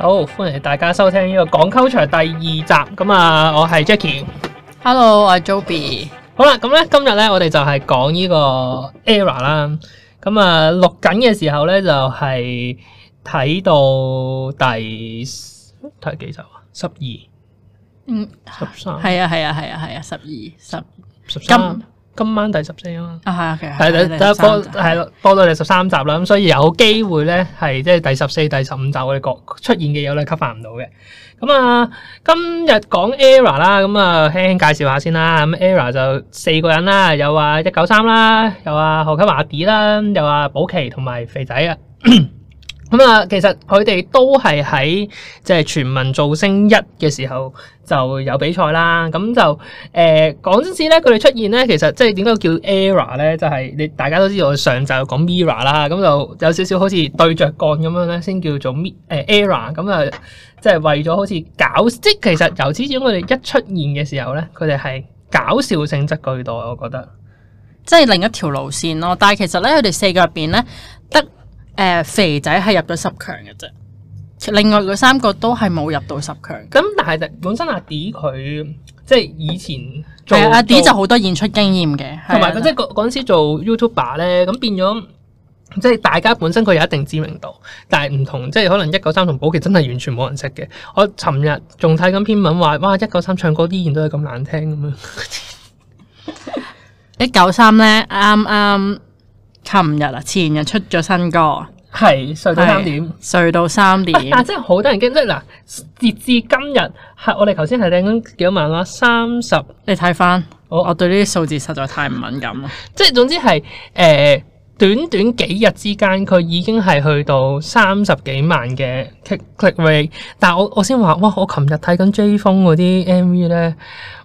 好，歡迎大家收聽呢個港溝場第二集。咁啊，我係 Jackie。Hello，我係 Joey。好啦，咁咧今日咧我哋就係講呢個 era 啦。咁啊錄緊嘅時候咧就係睇到第睇幾集啊？十二，嗯，十三，係啊係啊係啊係啊，十二十十三。今晚第十四啊嘛，係啊、oh, okay.，係，係，係，播係咯，播到第十三集啦，咁所以有機會咧，係即係第十四、第十五集我哋各出現嘅有咧吸發唔到嘅。咁啊，今日講 era 啦，咁啊輕輕介紹下先啦。咁 era 就四個人啦，有啊一九三啦，又啊何啟華阿 Dee 啦，又啊保錡同埋肥仔啊。咁啊，其實佢哋都係喺即係全民造星一嘅時候就有比賽啦。咁就誒，講真啲咧，佢哋出現咧，其實即係點解叫 error 咧？就係你大家都知道，我上集講 MIRROR 啦，咁就有少少好似對著幹咁樣咧，先叫做 error。咁啊，即係為咗好似搞笑，即係其實由始至終佢哋一出現嘅時候咧，佢哋係搞笑性質居多，我覺得。即係另一條路線咯，但係其實咧，佢哋四個入邊咧得。誒、uh, 肥仔係入咗十強嘅啫，另外嗰三個都係冇入到十強。咁但係本身阿 D 佢即係以前做，阿、uh, 啊啊、D 就好多演出經驗嘅，同埋佢即係嗰嗰時做 YouTuber 咧，咁變咗即係大家本身佢有一定知名度，但係唔同即係可能一九三同寶琪真係完全冇人識嘅。我尋日仲睇緊篇文話，哇！一九三唱歌依然都係咁難聽咁樣。一九三咧啱啱。Um, um, um, um, um, um, 琴日啊，前日出咗新歌，係睡到三點，睡到三點，但係係好多人驚，即係嗱，截至今日，係我哋頭先睇定咁幾多萬啦，三十，你睇翻，我 30,、哦、我對呢啲數字實在太唔敏感啦，即係總之係誒、呃，短短幾日之間，佢已經係去到三十幾萬嘅 click, click rate，但係我我先話，哇，我琴日睇緊追風嗰啲 MV 咧，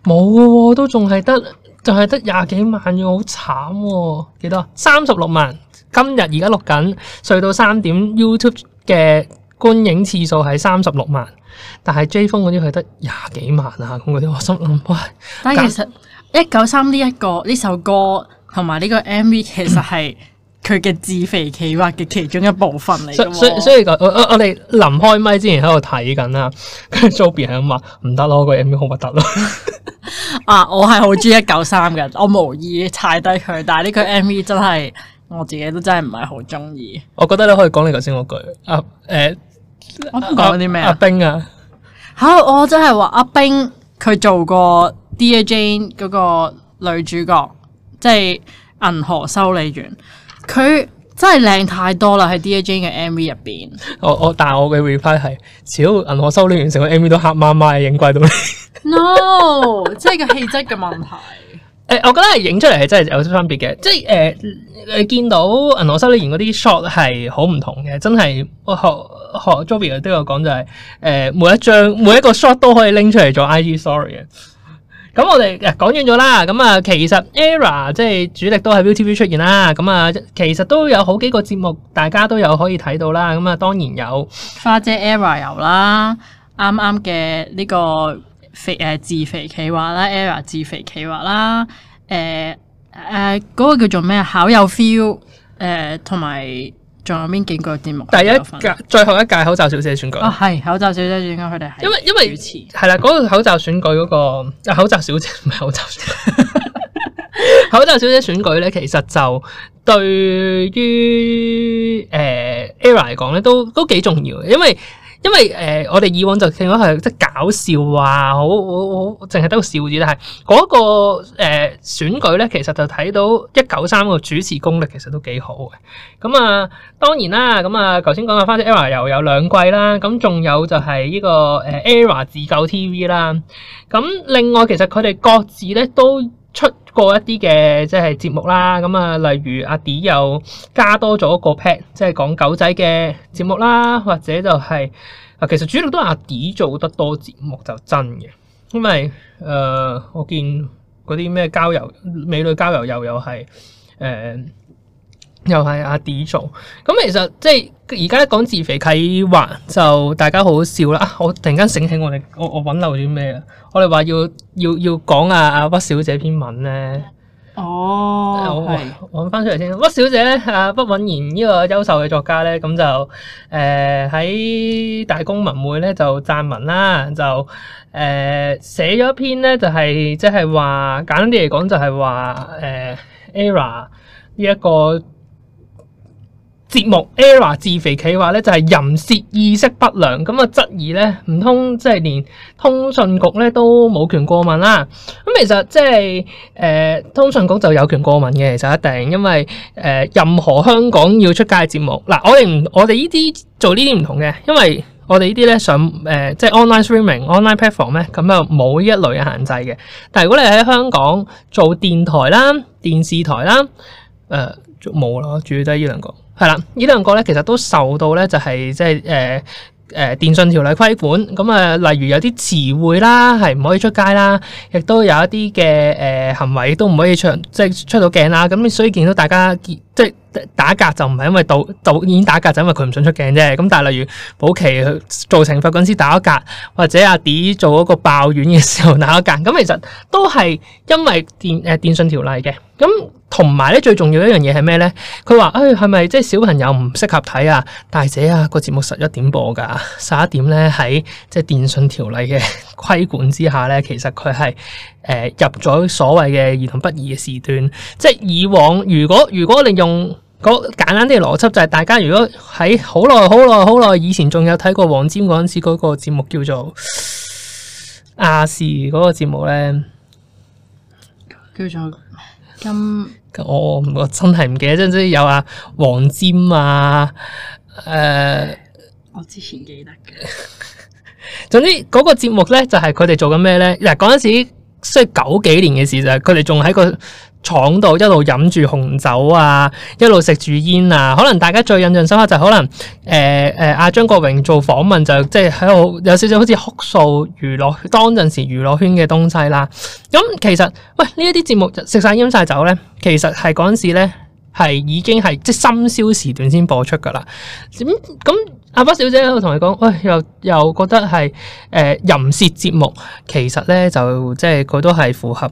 冇、哦、都仲係得。就係得廿幾萬，要好慘喎、啊！幾多？三十六萬。今日而家錄緊，睡到三點。YouTube 嘅觀影次數係三十六萬，但係 J 風嗰啲佢得廿幾萬啊！咁嗰啲我心諗，喂、哎。但係其實《一九三》呢一個呢首歌同埋呢個 MV 其實係。 佢嘅自肥企劃嘅其中一部分嚟、啊，所以所以、啊、我哋臨開麥之前喺度睇緊啦。跟住 Zobby 係咁話唔得咯，個 M V 好核突咯。啊，我係好中意《一九三》嘅， 我無意踩低佢，但係呢個 M V 真係我自己都真係唔係好中意。我覺得你可以講你頭先嗰句啊，誒、欸，我講啲咩阿冰啊，吓我真係話阿冰佢做過 Dear Jane 嗰個女主角，即係銀河修理員。佢真係靚太多啦，喺 Dear Jane 嘅 M V 入邊。我但我但係我嘅 reply 係，超銀河修理員成個 M V 都黑麻麻，影鬼到你。No， 即係個氣質嘅問題。誒 欸，我覺得係影出嚟係真係有啲分別嘅，即係誒、呃，你見到銀河修理員嗰啲 shot 係好唔同嘅，真係學學 Joey 都有講就係、是，誒、呃，每一張每一個 shot 都可以拎出嚟做 I G story 嘅。咁我哋誒講完咗啦，咁啊其實 ERROR 即係主力都喺 ViuTV 出現啦，咁啊其實都有好幾個節目，大家都有可以睇到啦，咁啊當然有花姐 ERROR 遊啦，啱啱嘅呢個肥誒自肥企劃啦，ERROR 自肥企劃啦，誒誒嗰個叫做咩考有 feel 誒、呃、同埋。仲有邊幾個節目？第一屆最後一屆口罩小姐選舉啊，係口罩小姐選舉，佢哋係主持因為因為，係啦。嗰個口罩選舉嗰個口罩小姐唔係口罩選舉，口罩小姐選舉咧，其實就對於誒 Era 嚟講咧，都都幾重要嘅，因為。因為誒，我哋以往就聽講係即係搞笑啊，好好好，淨係得個笑字。但係嗰個誒選舉咧，其實就睇到一九三個主持功力其實都幾好嘅。咁啊，當然啦，咁啊，頭先講下《花式 Error》又有兩季啦。咁仲有就係呢個誒《Error 自救 TV》啦。咁另外其實佢哋各自咧都。出過一啲嘅即係節目啦，咁啊，例如阿 D 又加多咗一個 pat，即係講狗仔嘅節目啦，或者就係、是、啊，其實主要都係阿 D 做得多節目就真嘅，因為誒、呃，我見嗰啲咩交友美女交友又又係誒。呃又係阿 D 做，咁其實即係而家講自肥計劃，就大家好好笑啦！我突然間醒起，我哋我我揾漏咗啲咩啊？我哋話要要要講阿阿屈小姐篇文咧，哦，我揾翻出嚟先。屈小姐咧，阿屈穎妍呢個優秀嘅作家咧，咁就誒喺大公文匯咧就撰文啦，就誒寫咗一篇咧，就係即係話簡單啲嚟講，就係話誒 Era 呢一個。節目 ERROR 自肥企劃咧，就係淫褻意識不良咁啊，質疑咧唔通即係連通訊局咧都冇權過問啦？咁其實即係誒、呃、通訊局就有權過問嘅，其實一定，因為誒、呃、任何香港要出街嘅節目嗱，我哋唔我哋呢啲做呢啲唔同嘅，因為我哋呢啲咧上誒即係 online streaming online platform 咧，咁就冇呢一類嘅限制嘅。但係如果你喺香港做電台啦、電視台啦，誒就冇咯，主要都係呢兩個。係啦，呢兩個咧其實都受到咧就係即係誒誒電訊條例規管咁啊、嗯，例如有啲詞彙啦，係唔可以出街啦，亦都有一啲嘅誒行為都唔可以出，即係出到鏡啦。咁、嗯、所以見到大家即係打格就唔係因為導導演打格，就因為佢唔想出鏡啫。咁、嗯、但係例如保期做懲罰陣時打一格，或者阿迪做嗰個爆丸嘅時候打一格，咁、嗯、其實都係因為電誒、呃、電訊條例嘅。咁同埋咧，最重要一樣嘢係咩咧？佢話：，唉、哎，係咪即係小朋友唔適合睇啊？大姐啊，個節目十一點播噶，十一點咧喺即係電訊條例嘅規管之下咧，其實佢係誒入咗所謂嘅兒童不宜嘅時段。即係以往，如果如果,如果你用嗰簡單啲嘅邏輯，就係、是、大家如果喺好耐、好耐、好耐以前仲有睇過黃霑嗰陣時嗰個節目叫做亞視嗰個節目咧，跟住咁我、嗯哦、我真係唔記得，總、就、之、是、有阿黃霑啊，誒、啊，呃、我之前記得嘅。 總之嗰個節目咧，就係佢哋做緊咩咧？嗱、啊，嗰陣時即係九幾年嘅事就係，佢哋仲喺個。闖度一路飲住紅酒啊，一路食住煙啊，可能大家最印象深刻就係、可能誒誒阿張國榮做訪問就即係喺度有少少好似哭訴娛樂當陣時娛樂圈嘅東西啦。咁其實喂呢一啲節目食晒煙晒酒咧，其實係嗰陣時咧係已經係即深宵時段先播出噶啦。點咁阿花小姐喺度同你講，喂又又覺得係誒、呃、淫褻節目，其實咧就即係佢都係符合。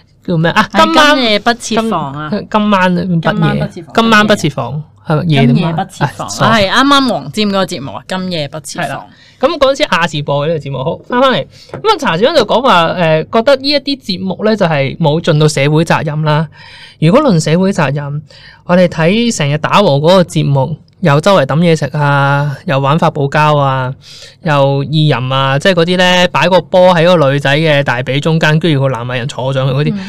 叫咩啊？今晚不設防啊！今晚不夜，今晚不設防係夜點啊？我係啱啱黃霑嗰個節目啊，今夜不設防。咁嗰陣時亞視播嘅呢個節目，翻翻嚟咁啊！查小欣就講話誒，覺得呢一啲節目咧就係冇盡到社會責任啦。如果論社會責任，我哋睇成日打和嗰個節目。又周圍抌嘢食啊，又玩發泡膠啊，又意淫啊，即係嗰啲咧擺個波喺個女仔嘅大髀中間，跟住個男藝人坐上去嗰啲，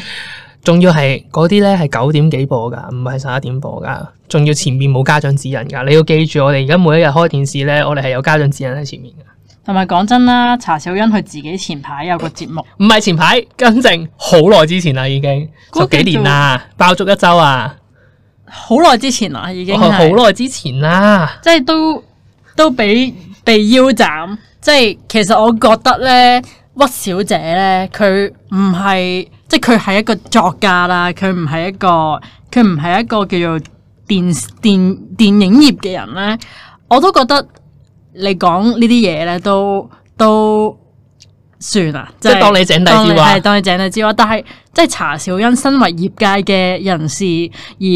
仲、嗯、要係嗰啲咧係九點幾播噶，唔係十一點播噶，仲要前面冇家長指引噶。你要記住，我哋而家每一日開電視咧，我哋係有家長指引喺前面噶。同埋講真啦，查小欣佢自己前排有個節目，唔係 前排，更正，好耐之前啦，已經十幾年啦，爆足一周啊！好耐之，之前啦，已經好耐之前啦。即係都都俾被腰斬。 即係其實我覺得咧，屈小姐咧，佢唔係即係佢係一個作家啦，佢唔係一個佢唔係一個叫做電電電影業嘅人咧。我都覺得你講呢啲嘢咧，都都。算啊，即係當你井底之蛙，係當，當你井底之蛙。但係即係查小欣身為業界嘅人士，而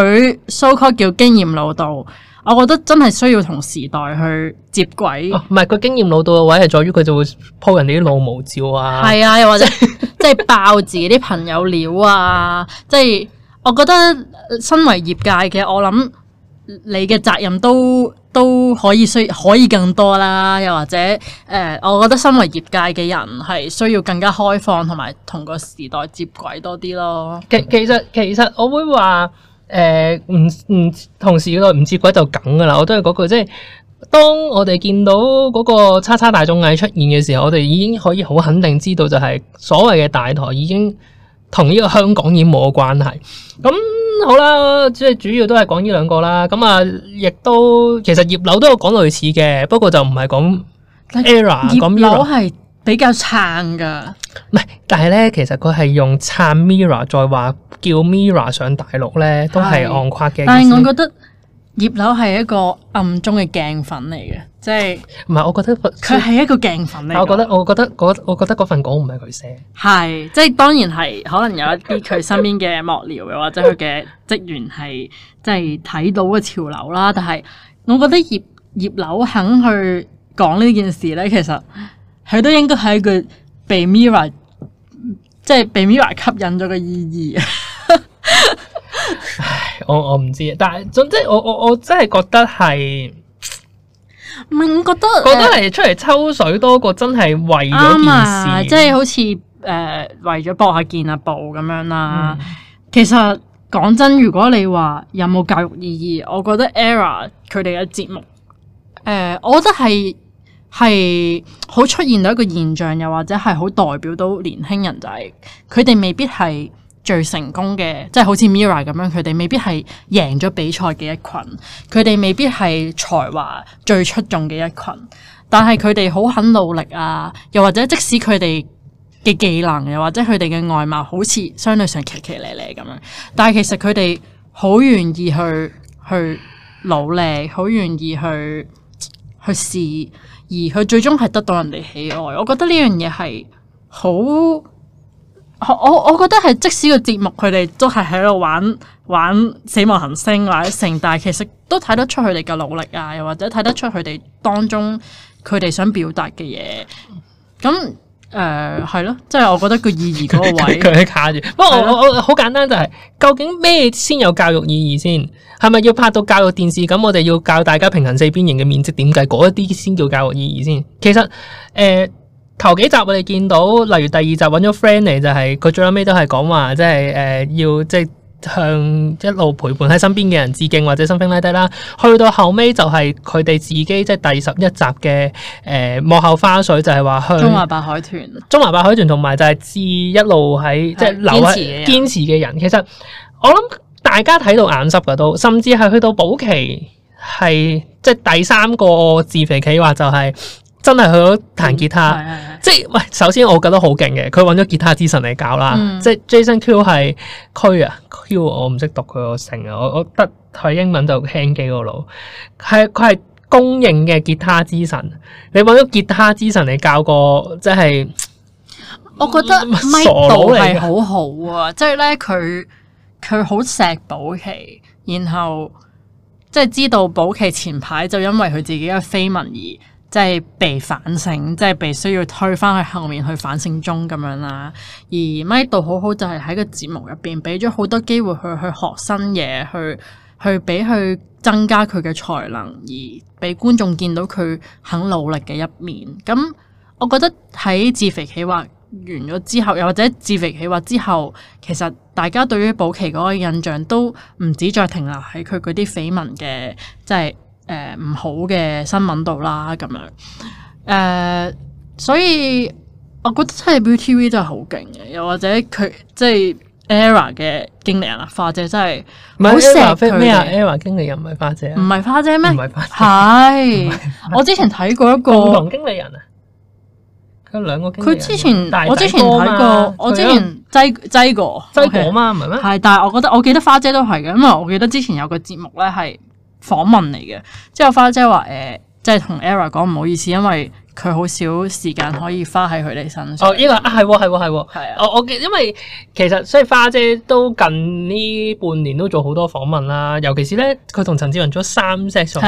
佢 so called 叫經驗老道，我覺得真係需要同時代去接軌。唔係佢經驗老道嘅位係在於佢就會鋪人哋啲老毛照啊，係啊，又或者 即係爆自己啲朋友料啊。即係 我覺得身為業界嘅我諗。你嘅責任都都可以需可以更多啦，又或者誒、呃，我覺得身為業界嘅人係需要更加開放同埋同個時代接軌多啲咯。其其實其實我會話誒，唔唔同時代唔接軌就梗㗎喇。我都係嗰句，即係當我哋見到嗰個叉叉大眾藝出現嘅時候，我哋已經可以好肯定知道就係所謂嘅大台已經，同呢個香港已經冇關係，咁好啦，即係主要都係講呢兩個啦，咁啊，亦都其實葉劉都有講類似嘅，不過就唔係講 era，葉劉係比較撐㗎，唔係，但係咧，其實佢係用撐 Mirror，再話叫 Mirror 上大陸咧，都係按誇嘅但我覺得。葉劉係一個暗中嘅鏡粉嚟嘅，即係唔係？我覺得佢係一個鏡粉嚟。我覺得，我覺得我覺得嗰份稿唔係佢寫。係，即係當然係，可能有一啲佢身邊嘅幕僚又或者佢嘅職員係，即係睇到個潮流啦。但係我覺得葉葉劉肯去講呢件事咧，其實佢都應該係佢被 MIRROR 即係被 MIRROR 吸引咗個意義。 我我唔知，但係總之我我我真係覺得係唔係，我、嗯、覺得覺得係出嚟抽水多過真係為咗件事，即係好似誒、呃、為咗搏下見下報咁樣啦。嗯、其實講真，如果你話有冇教育意義，我覺得 ERROR 佢哋嘅節目，誒、呃，我覺得係係好出現到一個現象，又或者係好代表到年輕人就係，佢哋未必係。最成功嘅，即係好似 Mira 咁樣，佢哋未必係贏咗比賽嘅一群，佢哋未必係才華最出衆嘅一群，但係佢哋好肯努力啊，又或者即使佢哋嘅技能又或者佢哋嘅外貌好似相對上奇奇咧咧咁樣，但係其實佢哋好願意去去努力，好願意去去試，而佢最終係得到人哋喜愛。我覺得呢樣嘢係好。我我覺得係，即使個節目佢哋都係喺度玩玩死亡行星或者成，但係其實都睇得出佢哋嘅努力啊，又或者睇得出佢哋當中佢哋想表達嘅嘢。咁誒係咯，即、呃、係我覺得個意義嗰個位佢係卡住。不過的我我好簡單就係、是，究竟咩先有教育意義先？係咪要拍到教育電視咁？我哋要教大家平行四邊形嘅面積點計？嗰一啲先叫教育意義先。其實誒。呃頭幾集我哋見到，例如第二集揾咗 friend 嚟，就係佢最後尾都係講話，即係誒、呃、要即係向一路陪伴喺身邊嘅人致敬或者 something like that 啦。去到後尾就係佢哋自己即係第十一集嘅誒、呃、幕後花絮，就係話去中華白海豚、中華白海豚同埋就係致一路喺即係堅持嘅人，人。其實我諗大家睇到眼濕噶都，甚至係去到保期係即係第三個自肥企劃就係、是。真係去咗彈吉他，嗯、是是是即係喂。首先我覺得好勁嘅，佢揾咗吉他之神嚟教啦。嗯、即係 Jason Q 係區啊，Q 我唔識讀佢個姓啊。我我得佢英文就 Hang 機個佬，係佢係公認嘅吉他之神。你揾咗吉他之神嚟教過，即係我覺得 Michael 係好好啊。即、就、係、是、呢，佢佢好錫寶奇，然後即係、就是、知道寶奇前排就因為佢自己嘅緋聞而。即係被反省，即係被需要推返去後面去反省中咁樣啦。而麥度好好就係喺個節目入邊俾咗好多機會去去學新嘢，去去俾佢增加佢嘅才能，而俾觀眾見到佢肯努力嘅一面。咁我覺得喺自肥企劃完咗之後，又或者自肥企劃之後，其實大家對於保錡嗰個印象都唔止再停留喺佢嗰啲緋聞嘅，即係。誒，唔、呃、好嘅新聞度啦，咁樣誒、呃，所以我覺得真係 ViuTV e a u y 真係好勁嘅，又或者佢即係 ERROR 嘅經理人啦，花姐真係唔係 e r 咩啊？ERROR 經理人唔係花、啊、花，花姐，唔係花姐咩？唔係花姐，係我之前睇過一個經，個經理人啊，佢兩個佢之前我之前睇過，有我之前擠擠過擠、okay、過嘛，唔係咩？係，但係我覺得我記得花姐都係嘅，因為我記得之前有個節目咧係。訪問嚟嘅，之後花姐話誒、呃，即係同 ERA 講唔好意思，因為佢好少時間可以花喺佢哋身上。哦，呢個、嗯、啊，係喎，係喎，係喎，我我記，因為其實所以花姐都近呢半年都做好多訪問啦，尤其是咧佢同陳志雲做咗三 set 上，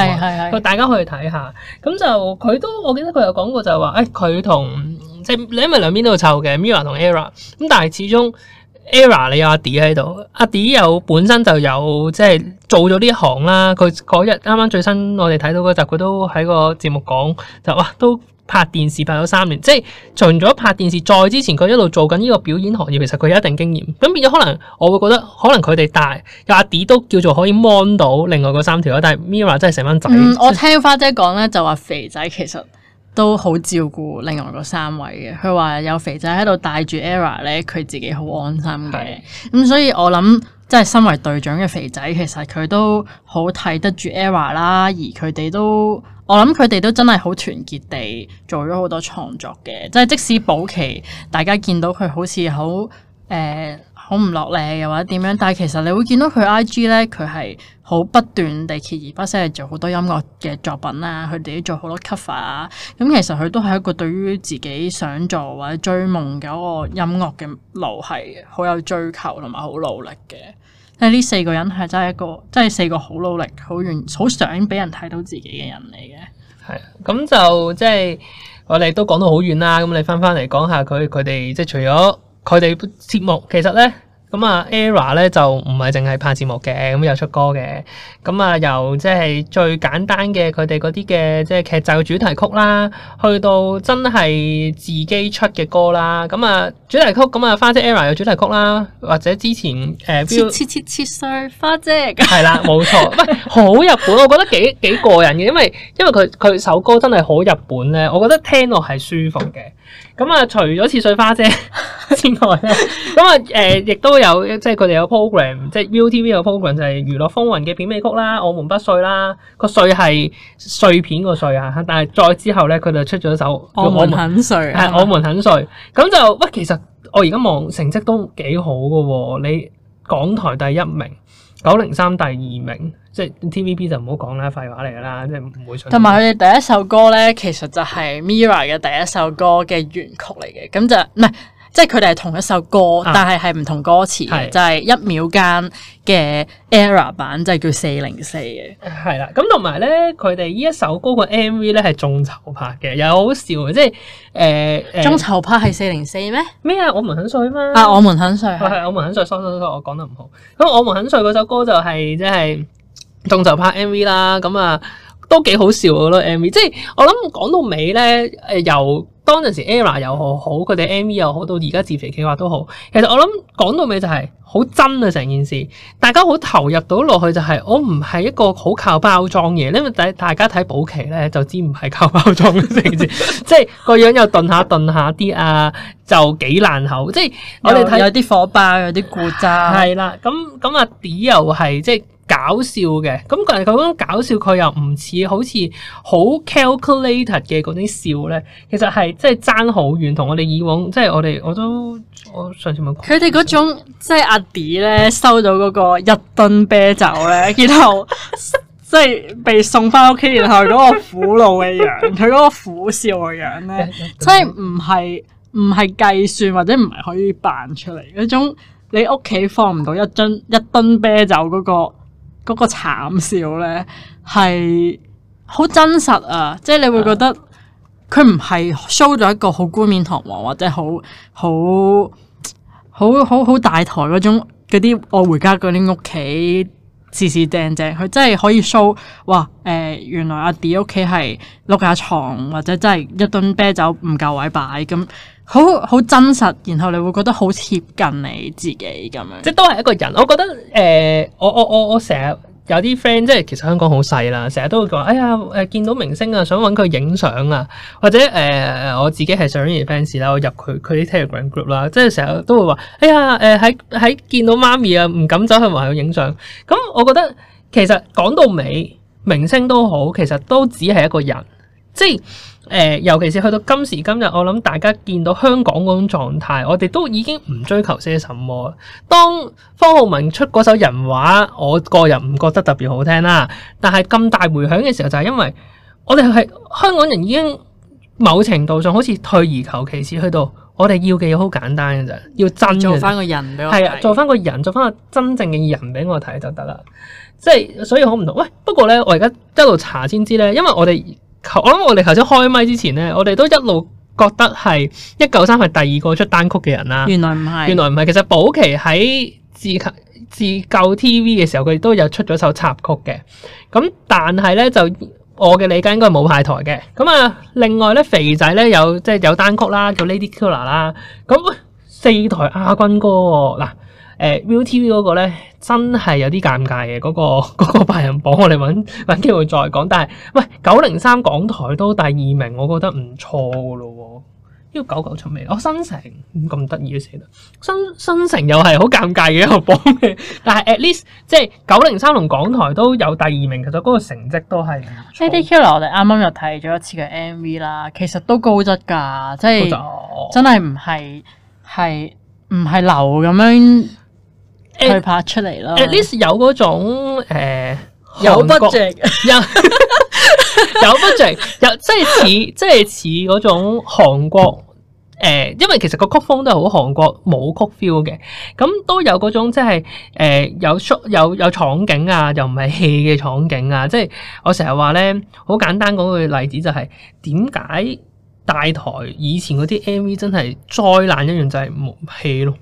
大家可以睇下。咁就佢都，我記得佢有講過就話誒，佢同即係你係咪兩邊都湊嘅 MIRROR 同 ERA 咁，但係始終。Era 你有阿 D 喺度，阿 D 又本身就有即係、就是、做咗呢一行啦。佢嗰日啱啱最新我哋睇到嗰集，佢都喺個節目講就話都拍電視拍咗三年，即係除咗拍電視再之前，佢一路做緊呢個表演行業，其實佢有一定經驗。咁變咗可能我會覺得可能佢哋大，係有阿 D 都叫做可以 mon 到另外嗰三條啦。但係 Mirror 真係成班仔、嗯。我聽花姐講咧就話肥仔其實，都好照顧另外嗰三位嘅，佢話有肥仔喺度帶住 ERROR 咧，佢自己好安心嘅。咁的、嗯、所以我諗，即係身為隊長嘅肥仔，其實佢都好睇得住 ERROR 啦。而佢哋都，我諗佢哋都真係好團結地做咗好多創作嘅。即係即使保錡，大家見到佢好似好誒，呃好唔落力又或者點樣，但係其實你會見到佢 I.G 咧，佢係好不斷地鍥而不捨去做好多音樂嘅作品啦，佢哋都做好多 cover 啊、嗯。咁其實佢都係一個對於自己想做或者追夢嗰個音樂嘅路係好有追求同埋好努力嘅。即係呢四個人係真係一個，真係四個好努力、好願、好想俾人睇到自己嘅人嚟嘅。係咁就即係我哋都講到好遠啦。咁你翻翻嚟講下佢佢哋即係除咗。佢哋節目其實咧，咁啊，era 咧就唔係淨係拍節目嘅，咁又出歌嘅。咁啊，由即係最簡單嘅佢哋嗰啲嘅即係劇集主題曲啦，去到真係自己出嘅歌啦。咁啊，主題曲咁啊，花姐 era 有主題曲啦，或者之前誒，切切切切碎花姐，係啦、啊，冇錯，唔好 日本，我覺得幾幾過癮嘅，因為因為佢佢首歌真係好日本咧，我覺得聽落係舒服嘅。咁啊，除咗切碎花姐。 之外咧，咁啊，誒，亦都有即係佢哋有 program，即係 ViuTV 有 program 就係《娛樂風雲》嘅片尾曲啦，《我們不碎》啦，個碎係碎片個碎啊，但係再之後咧，佢就出咗首《我們很碎》很碎，係、嗯《我們很碎》嗯。咁就喂，其實我而家望成績都幾好嘅喎，你港台第一名，九零三第二名，即係 T V B 就唔好講啦，廢話嚟嘅啦，即係唔會。同埋佢哋第一首歌咧，其實就係 Mirror 嘅第一首歌嘅原曲嚟嘅，咁就唔係。嗯嗯即係佢哋係同一首歌，但係係唔同歌詞、啊、就係一秒間嘅 error 版，就係、是、叫四零四嘅係啦。咁同埋咧，佢哋呢一首歌個 M V 咧係眾籌拍嘅，又好笑，即係誒眾籌拍係四零四咩咩啊？我們很帥嘛啊！我們很帥係，我係我們很帥。sorry 我講得唔好咁。我們很帥嗰首歌就係、是、即係眾籌拍 M V 啦。咁啊。啊啊都幾好笑嘅咯，MV 即係我諗講到尾咧，誒、呃、由當陣時 Era 又好，佢哋 MV 又好，到而家自肥企劃都好。其實我諗講到尾就係好真啊，成件事大家好投入到落去，就係我唔係一個好靠包裝嘢。因為大大家睇保期咧就知唔係靠包裝嘅成件事， 即係個樣又鈍下鈍下啲啊，就幾爛口。即係我哋睇有啲火爆，有啲固渣。係、啊、啦，咁咁啊啲又係即係。搞笑嘅咁，但係佢嗰種搞笑，佢又唔似好似好 calculated 嘅嗰啲笑咧。其實係即係爭好遠，同我哋以往即係我哋我都我上次冇講佢哋嗰種即係阿 B 咧收到嗰個一樽啤酒咧， 然後即係被送翻屋企，然後嗰個苦惱嘅樣，佢嗰 個苦笑嘅樣咧，即係唔係唔係計算或者唔係可以扮出嚟嗰種你，你屋企放唔到一樽一樽啤酒嗰、那個。嗰個慘笑咧係好真實啊！即係你會覺得佢唔係 show 咗一個好冠冕堂皇，或者好好好好好大台嗰種嗰啲我回家嗰啲屋企事事正正，佢真係可以 show 哇！誒、呃，原來阿 D 屋企係碌架床或者真係一噸啤酒唔夠位擺咁。好好真實，然後你會覺得好貼近你自己咁樣，即都係一個人。我覺得誒、呃，我我我我成日有啲 friend，即係其實香港好細啦，成日都會講，哎呀誒、呃，見到明星啊，想揾佢影相啊，或者誒、呃，我自己係上邊 fans 啦，我入佢佢啲 Telegram group 啦、啊，即係成日都會話，哎呀誒，喺、呃、喺見到媽咪啊，唔敢走去同佢影相。咁我覺得其實講到尾，明星都好，其實都只係一個人，即係。誒、呃，尤其是去到今時今日，我諗大家見到香港嗰種狀態，我哋都已經唔追求些什麼。當方浩文出嗰首人話，我個人唔覺得特別好聽啦。但係咁大迴響嘅時候，就係、是、因為我哋係香港人已經某程度上好似退而求其次，去到我哋要嘅嘢好簡單嘅啫，要真做翻個人俾我，係啊，做翻個人，做翻個真正嘅人俾我睇就得啦。即係所以好唔同。喂，不過咧，我而家一路查先知咧，因為我哋。我諗我哋頭先開麥之前咧，我哋都一路覺得係一九三係第二個出單曲嘅人啦。原來唔係，原來唔係。其實保奇喺自自救 TV 嘅時候，佢都有出咗首插曲嘅。咁但係咧，就我嘅理解應該係冇派台嘅。咁啊，另外咧肥仔咧有即係、就是、有單曲啦，叫 Lady Killer 啦。咁四台亞軍歌喎、哦、嗱。誒、uh, ViuTV 嗰、那個咧，真係有啲尷尬嘅，嗰、那個嗰、那個、白人榜我哋揾揾機會再講。但係喂，九零三港台都第二名，我覺得唔錯噶咯喎，呢、這個九九出未？哦，新城咁得意寫得新新城又係好尷尬嘅一個榜嘅。但係 at least 即係九零三同港台都有第二名，其實嗰個成績都係。Lady Killer 我哋啱啱又睇咗一次嘅 MV 啦，其實都高質噶，即係真係唔係係唔係流咁樣。拍出嚟咯，at least 有嗰種誒、呃預啊 ，有 budget，有 budget，有即係似，即係似嗰種韓國誒、呃，因為其實個曲風都係好韓國冇曲 feel 嘅，咁都有嗰種即係誒、呃、有出有有場景啊，又唔係戲嘅場景啊，即係我成日話咧，好簡單講句例子就係、是，點解大台以前嗰啲 MV 真係災難一樣就係冇戲咯。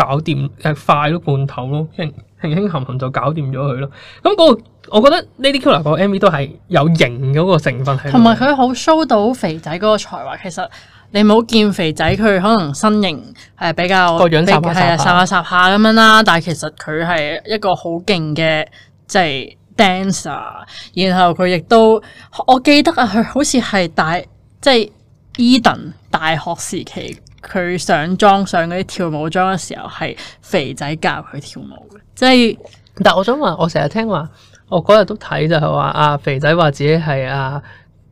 搞掂誒快咯半頭咯，輕輕含含就搞掂咗佢咯。咁、嗯、嗰、那個我覺得呢啲 Lady Killa 個 MV 都係有型嗰個成分，同埋佢好 show 到肥仔嗰個才華。其實你冇見肥仔佢可能身形係比較係啊，霎下霎下咁樣啦。但係其實佢係一個好勁嘅即係 dancer，然後佢亦都我記得啊，佢、就、好、是、似係大即係 Eden，大學時期。佢上裝上嗰啲跳舞裝嘅時候，係肥仔教佢跳舞嘅，即係。但係我想話，我成日聽話，我嗰日都睇就係話阿肥仔話自己係阿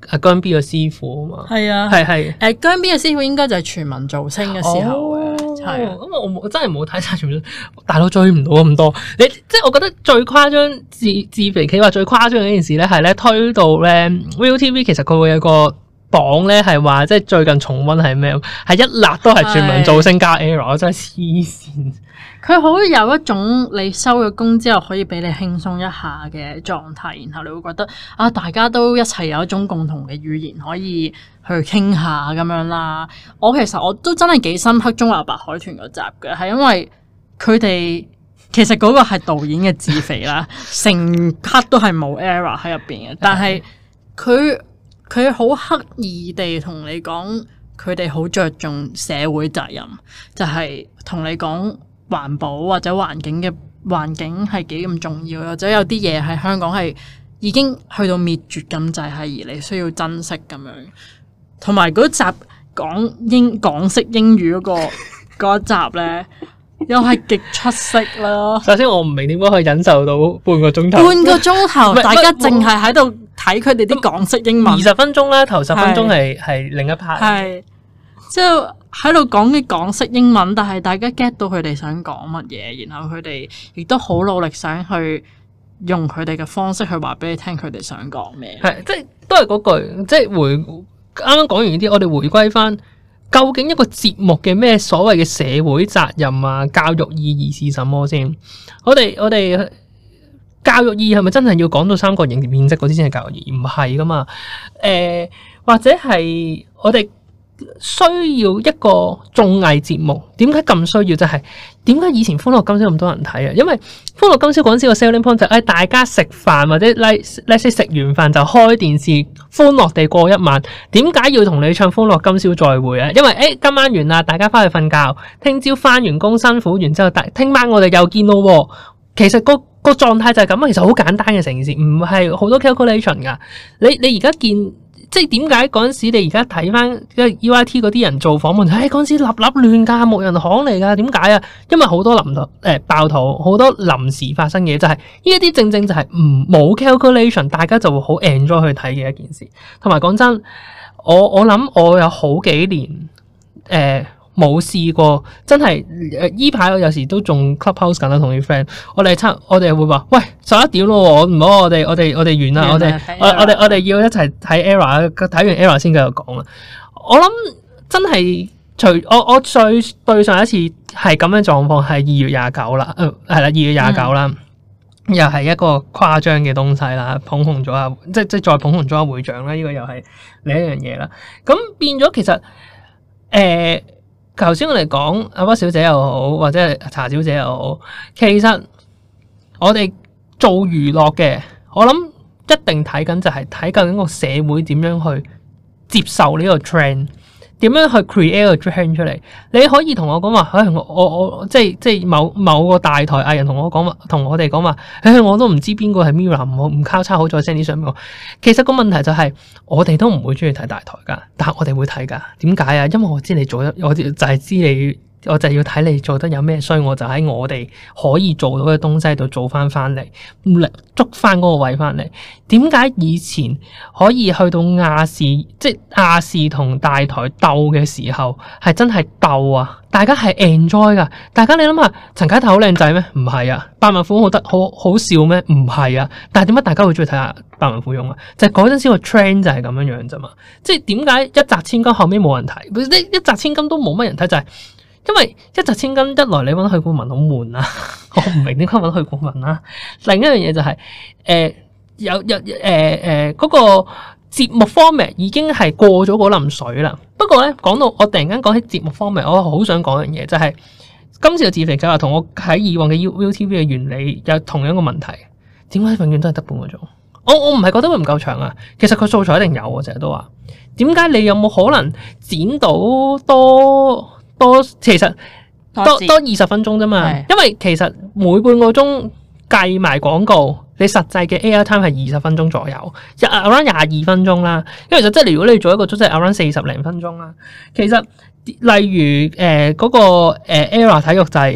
阿姜 B 嘅師傅啊嘛。係啊，係係啊。誒，姜 B 嘅師傅應該就係全民造星嘅時候，係啊。咁我我真係冇睇晒，全大佬追唔到咁多。你即係我覺得最誇張自自肥企話最誇張嘅一件事咧，係咧推到咧 ViuTV，其實佢會有個。榜呢係話，即係最近重溫係咩？係一辣都係全民造星加 error，是真係黐線！佢好有一種你收咗工之後可以俾你輕鬆一下嘅狀態，然後你會覺得啊，大家都一齊有一種共同嘅語言可以去傾下咁樣啦。我其實我都真係幾深刻《中華白海豚》嗰集嘅，係因為佢哋其實嗰個係導演嘅自肥啦，成刻 都係冇 error 喺入邊嘅， 但係佢。佢好刻意地同你講，佢哋好着重社會責任，就係同你講環保或者環境嘅環境係幾咁重要，或者有啲嘢係香港係已經去到滅絕咁滯，係而你需要珍惜咁樣。同埋嗰集講英港式英語嗰個嗰 一集呢，又係極出色咯。 首先我唔明點解可以忍受到半個鐘頭，半個鐘頭 大家淨係喺度。 睇佢哋啲港式英文，二十分鐘啦，頭十分鐘係係另一 part，係即係喺度講啲港式英文，但係大家 get 到佢哋想講乜嘢，然後佢哋亦都好努力想去用佢哋嘅方式去話俾你聽，佢哋想講咩？係即係都係嗰句，即係回啱啱講完呢啲，我哋回歸翻，究竟一個節目嘅咩所謂嘅社會責任啊，教育意義是什麼先？我哋我哋。教育意義係咪真係要講到三角形面積嗰啲先係教育意義？唔係噶嘛？誒、呃，或者係我哋需要一個綜藝節目？點解咁需要？就係點解以前《歡樂今宵》咁多人睇啊？因為《歡樂今宵、就是》嗰陣時個 selling point 就誒，大家食飯或者 like 食完飯就開電視，歡樂地過一晚。點解要同你唱《歡樂今宵再會》啊？因為誒、哎，今晚完啦，大家翻去瞓覺。聽朝翻完工辛苦完之後，大聽晚我哋又見咯。其實、那個個狀態就係咁啊，其實好簡單嘅成件事，唔係好多 calculation 噶。你你而家見即係點解嗰陣時，你而家睇翻嘅 UIT 嗰啲人做訪問，唉、哎，嗰陣時立立亂架，冇人行嚟噶，點解啊？因為好多臨誒、呃、爆肚，好多臨時發生嘅嘢、就是，就係呢一啲正正就係唔冇 calculation，大家就會好 enjoy 去睇嘅一件事。同埋講真，我我諗我有好幾年誒。呃冇試過，真係誒！依、呃、排我有時都仲 clubhouse 緊啦，同啲 friend。我哋差，我哋會話，喂，十一點咯，唔好，我哋我哋我哋遠啦，我哋我哋我哋要一齊睇 era，睇完 era 先繼續講啦。我諗真係，除我我最對上一次係咁樣狀況係二月廿九啦，誒係啦，二月廿九啦，嗯、又係一個誇張嘅東西啦，捧紅咗啊！即即再捧紅咗阿會長啦，呢、這個又係另一樣嘢啦。咁變咗其實誒。呃頭先我哋講阿花小姐又好，或者查小姐又好，其實我哋做娛樂嘅，我諗一定睇緊就係睇究竟個社會點樣去接受呢個 trend。點樣去 create a dream 出嚟？你可以同我講話，哎，我我我即係即係某某個大台藝人同我講話，同我哋講話，哎，我都唔知邊個係 Mirror 唔唔交叉好再 send 啲相俾我。其實個問題就係我哋都唔會中意睇大台噶，但係我哋會睇噶。點解啊？因為我知你做咗，我就係知你。我就要睇你做得有咩，所以我就喺我哋可以做到嘅東西度做翻翻嚟，嚟捉翻嗰個位翻嚟。點解以前可以去到亞視，即係亞視同大台鬥嘅時候係真係鬥啊！大家係 enjoy 噶，大家你諗下，陳啟泰好靚仔咩？唔係啊，百萬富翁好得好好笑咩？唔係啊，但係點解大家會中意睇下百萬富翁啊？就係嗰陣時個 trend 就係咁樣樣咋嘛？即係點解一擲千金後尾冇人睇？一一擲千金都冇乜人睇就係、是。因為一擲千金一來，你揾去顧問好悶啊！ 我唔明點解揾去顧問啦。另一樣嘢就係、是，誒、呃、有有誒誒嗰個節目 format 已經係過咗嗰輪水啦。不過咧，講到我突然間講起節目 format，我好想講樣嘢就係、是、今次嘅自肥計劃同我喺以往嘅 y U U T V 嘅原理有同樣嘅問題。點解永遠都係得半個鐘？我我唔係覺得佢唔夠長啊。其實佢素材一定有，我成日都話。點解你有冇可能剪到多？多，其實多多二十分鐘啫嘛，因為其實每半個鐘計埋廣告，你實際嘅 air time 係二十分鐘左右，即係 around 廿二分鐘啦。因為就即係如果你做一個足真係 around 四十零分鐘啦，其實例如誒嗰、呃那個誒 Air、呃、體育就係，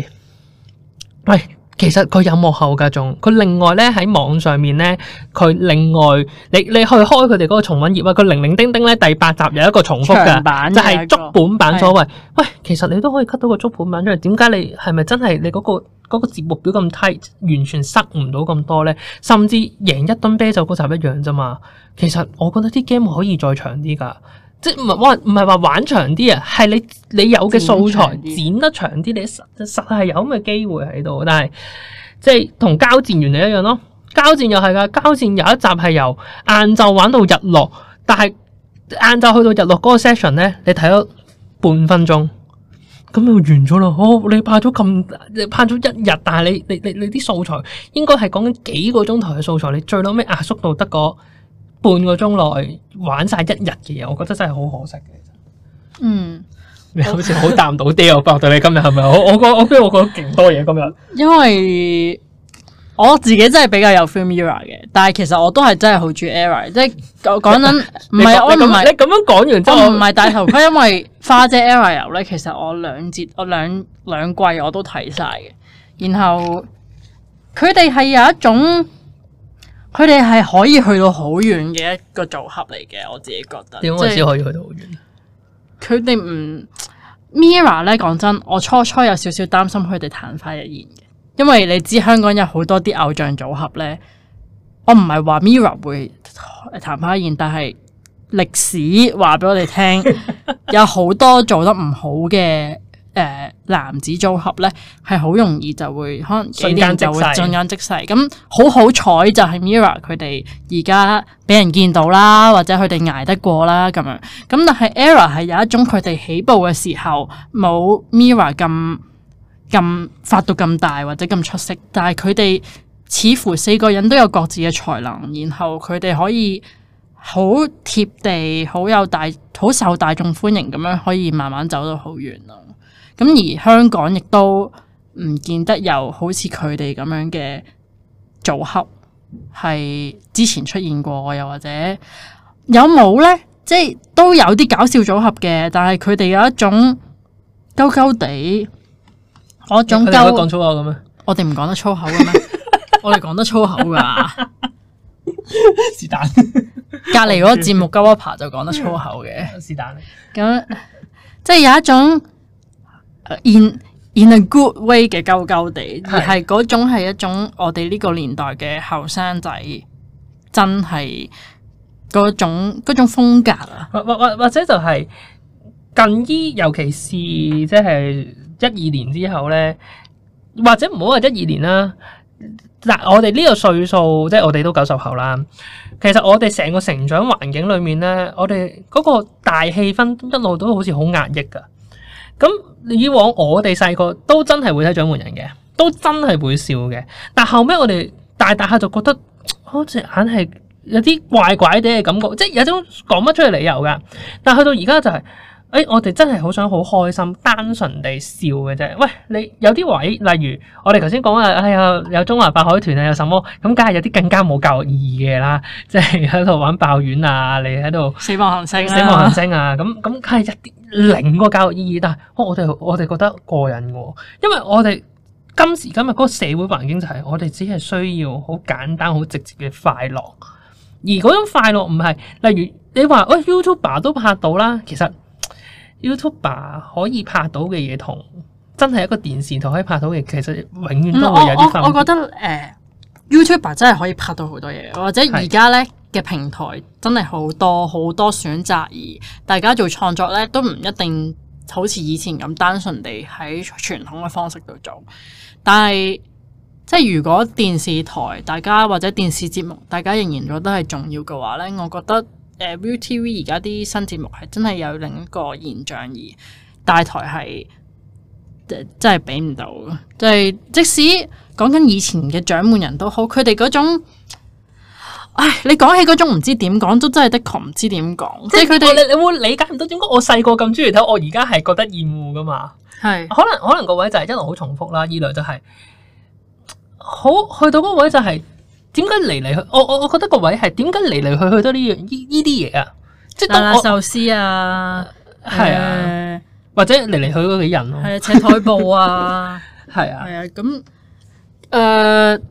喂、哎。其實佢有幕後噶，仲佢另外咧喺網上面咧，佢另外你你去開佢哋嗰個重溫頁啊，佢零零丁丁咧第八集有一個重複嘅版就係足本版所謂。是的 喂，其實你都可以 cut 到個足本版因為。點解你係咪真係你嗰、嗰個嗰節、嗯、目表咁 tight，完全塞唔到咁多咧？甚至贏一噸啤酒嗰集一樣啫嘛。其實我覺得啲 game 可以再長啲噶。即唔係玩唔係話玩長啲啊，係你你有嘅素材剪得長啲，你實實係有咁嘅機會喺度。但係即係同交戰原理一樣咯，交戰又係噶，交戰有一集係由晏晝玩到日落，但係晏晝去到日落嗰個 session 呢，你睇咗半分鐘，咁就完咗啦。哦，你拍咗咁你拍咗一日，但係你你你啲素材應該係講緊幾個鐘頭嘅素材，你最多咩壓縮到得個。半個鐘內玩晒一日嘅嘢，我覺得真係好可惜嘅。嗯，你好似好答唔到啲，我發覺到你今日係咪？我我我今日我講咗勁多嘢今日，因為我自己真係比較有 film era 嘅，但係其實我都係真係好中意 era，即係講講緊唔係我唔係你咁樣講完之後我唔係大頭盔，因為花姐 era 咧，其實我兩節我兩兩季我都睇晒嘅，然後佢哋係有一種。佢哋係可以去到好遠嘅一個組合嚟嘅，我自己覺得。點解只可以去到好遠？佢哋唔 Mira 咧，講真，我初初有少少擔心佢哋曇花一現嘅，因為你知香港有好多啲偶像組合咧，我唔係話 Mira 會曇花一現，但係歷史話俾我哋聽， 有好多做得唔好嘅。誒、呃、男子組合咧，係好容易就會可能瞬間就會瞬間即逝。咁好好彩就係 Mirror 佢哋而家俾人見到啦，或者佢哋捱得過啦咁樣。咁但係 Error 係有一種佢哋起步嘅時候冇 Mirror 咁咁發到咁大或者咁出色，但係佢哋似乎四個人都有各自嘅才能，然後佢哋可以好貼地、好有大、好受大眾歡迎咁樣，可以慢慢走到好遠咯。咁而香港亦都唔見得有好似佢哋咁樣嘅組合係之前出現過，又或者有冇呢？即係都有啲搞笑組合嘅，但係佢哋有一種溝溝地嗰種得講粗口嘅咩？我哋唔講得粗口嘅咩？ 我哋講得粗口噶，是 但隨便。隔籬嗰個節目《溝一拍》就講得粗口嘅， 便是但。咁即係有一種。誒，in in a good way 嘅，勾勾地，而係嗰種係一種我哋呢個年代嘅後生仔，真係嗰種嗰種風格啊，或或或者就係近依，尤其是即係一二年之後咧，或者唔好話一二年啦，嗱，我哋呢個歲數，即係我哋都九十後啦，其實我哋成個成長環境裏面咧，我哋嗰個大氣氛一路都好似好壓抑噶。咁以往我哋細個都真係會睇《掌門人》嘅，都真係會笑嘅。但後尾我哋大大下就覺得，好似硬眼係有啲怪怪哋嘅感覺，即係有種講不出去理由㗎。但去到而家就係、是。誒、哎，我哋真係好想好開心、單純地笑嘅啫。喂，你有啲位，例如我哋頭先講啊，哎呀，有《中華白海豚》啊，有什麼咁，梗係有啲更加冇教育意義嘅啦，即係喺度玩爆丸啊，你喺度死亡行星、死亡行星啊，咁咁梗係一啲零個教育意義。但係我哋我哋覺得過癮嘅，因為我哋今時今日嗰個社會環境就係我哋只係需要好簡單、好直接嘅快樂，而嗰種快樂唔係，例如你話喂、哎、YouTuber 都拍到啦，其實。YouTuber 可以拍到嘅嘢，同真係一個電視台可以拍到嘅，其實永遠都會有啲分別。嗯，我我，我覺得，誒、呃，YouTuber 真係可以拍到好多嘢，或者而家呢嘅是的 平台真係好多好多選擇，而大家做創作呢都唔一定好似以前咁單純地喺傳統嘅方式度做。但係即係如果電視台，大家或者電視節目，大家仍然覺得係重要嘅話呢，我覺得。誒 Viu TV 而家啲新節目係真係有另一個現象，而大台係誒真係俾唔到，即係即使講緊以前嘅掌門人都好，佢哋嗰種，唉，你講起嗰種唔知點講，都真係的確唔知點講。即係佢哋，你你會理解唔到點解我細個咁中意睇，我而家係覺得厭惡噶嘛？係是，可能可能個位就係一路好重複啦，二來就係、是、好去到嗰位就係、是。點解嚟嚟去？我我我覺得個位係點解嚟嚟去去都呢樣依依啲嘢啊？即係拉拉壽司啊，係啊，或者嚟嚟去去啲人咯，係啊，斜台布啊，係啊，係啊，咁誒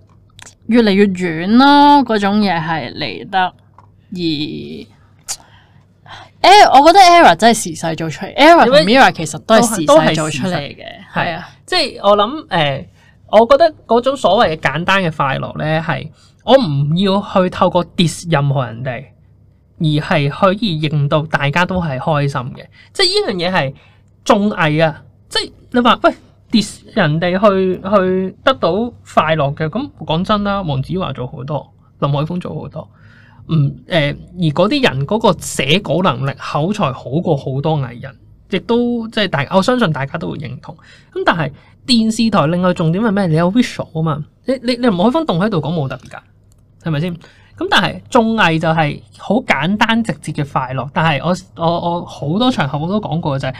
越嚟越遠咯，嗰種嘢係嚟得而，誒，我覺得 Era 真係時勢做出嚟 Era 同 Mira 其實都係時勢做出嚟嘅，係啊，即係我諗誒，我覺得嗰、ER 呃、種所謂嘅簡單嘅快樂咧係。我唔要去透過 diss 任何人哋，而係可以令到大家都係開心嘅。即係呢樣嘢係綜藝啊！即係你話喂，diss 人哋去去得到快樂嘅，咁講真啦，黃子華做好多，林海峰做好多。嗯誒、呃，而嗰啲人嗰個寫稿能力、口才好過好多藝人，亦都即係大。我相信大家都會認同。咁但係。電視台另外重點係咩？你有 visual 啊嘛？你你你唔可以分洞喺度講冇特別㗎，係咪先？咁但係綜藝就係好簡單直接嘅快樂。但係我我我好多場合我都講過就係、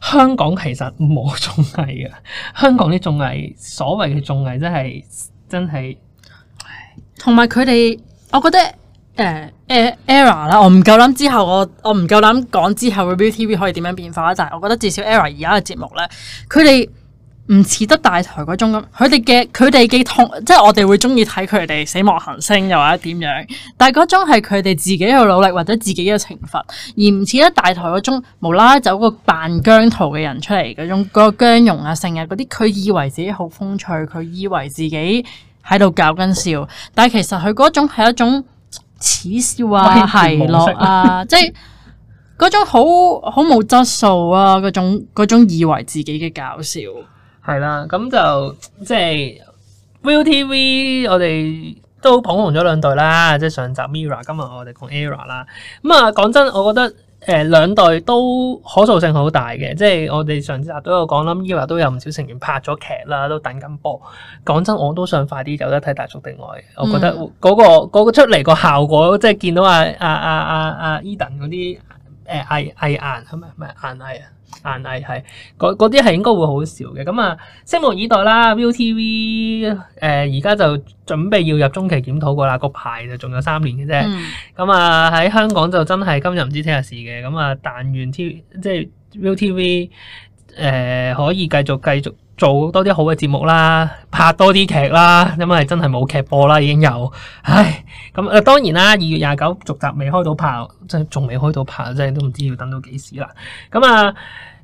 是、香港其實冇綜藝嘅，香港啲綜藝所謂嘅綜藝、就是、真係真係，同埋佢哋我覺得誒誒 era 啦，呃呃 er、ror，我唔夠膽之後，我我唔夠膽講之後 e Viu TV 可以點樣變化，但係我覺得至少 era 而家嘅節目咧，佢哋。唔似得大台嗰種咁，佢哋嘅佢哋嘅痛，即係我哋會中意睇佢哋《死亡行星》又或者點樣，但係嗰種係佢哋自己嘅努力或者自己嘅懲罰，而唔似得大台嗰種無啦啦走個扮姜濤嘅人出嚟嗰種嗰個姜蓉啊，成日嗰啲佢以為自己好風趣，佢以為自己喺度搞緊笑，但係其實佢嗰種係一種恥笑啊，係咯 啊， 即係嗰種好好冇質素啊，嗰種嗰種以為自己嘅搞笑。係啦，咁就即係 ViuTV，我哋都捧紅咗兩隊啦。即係上集 Mirror 今日我哋講 Era 啦。咁、嗯、啊，講真，我覺得誒兩隊都可塑性好大嘅。即係我哋上次集都有講啦 Mirror 都有唔少成員拍咗劇啦，都等緊播。講真，我都想快啲有得睇《大叔的愛》。我覺得嗰個出嚟個效果，即係見到啊，啊啊啊阿阿 Edan 嗰啲。誒藝藝藝係咪咪藝藝藝係嗰嗰啲係應該會好少嘅咁啊，拭目、那個、以待啦 ViuTV 誒而家就準備要入中期檢討過啦，個牌就仲有三年嘅啫。咁、嗯、啊喺香港就真係今日唔知聽日事嘅咁啊，但願 T 即係 ViuTV 誒、呃、可以繼續繼續。做多啲好嘅節目啦，拍多啲劇啦，因為真係冇劇播啦，已經有，唉，咁當然啦，二月廿九續集未開到拍，即係仲未開到拍，即係都唔知要等到幾時啦。咁啊，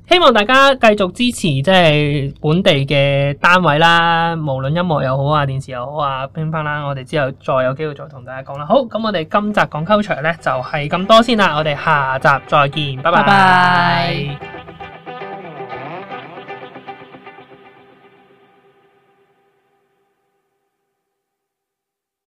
希望大家繼續支持即係本地嘅單位啦，無論音樂又好啊，電視又好啊，乒乓啦，我哋之後再有機會再同大家講啦。好，咁我哋今集講 Culture 呢，就係咁多先啦，我哋下集再見，拜拜。拜拜。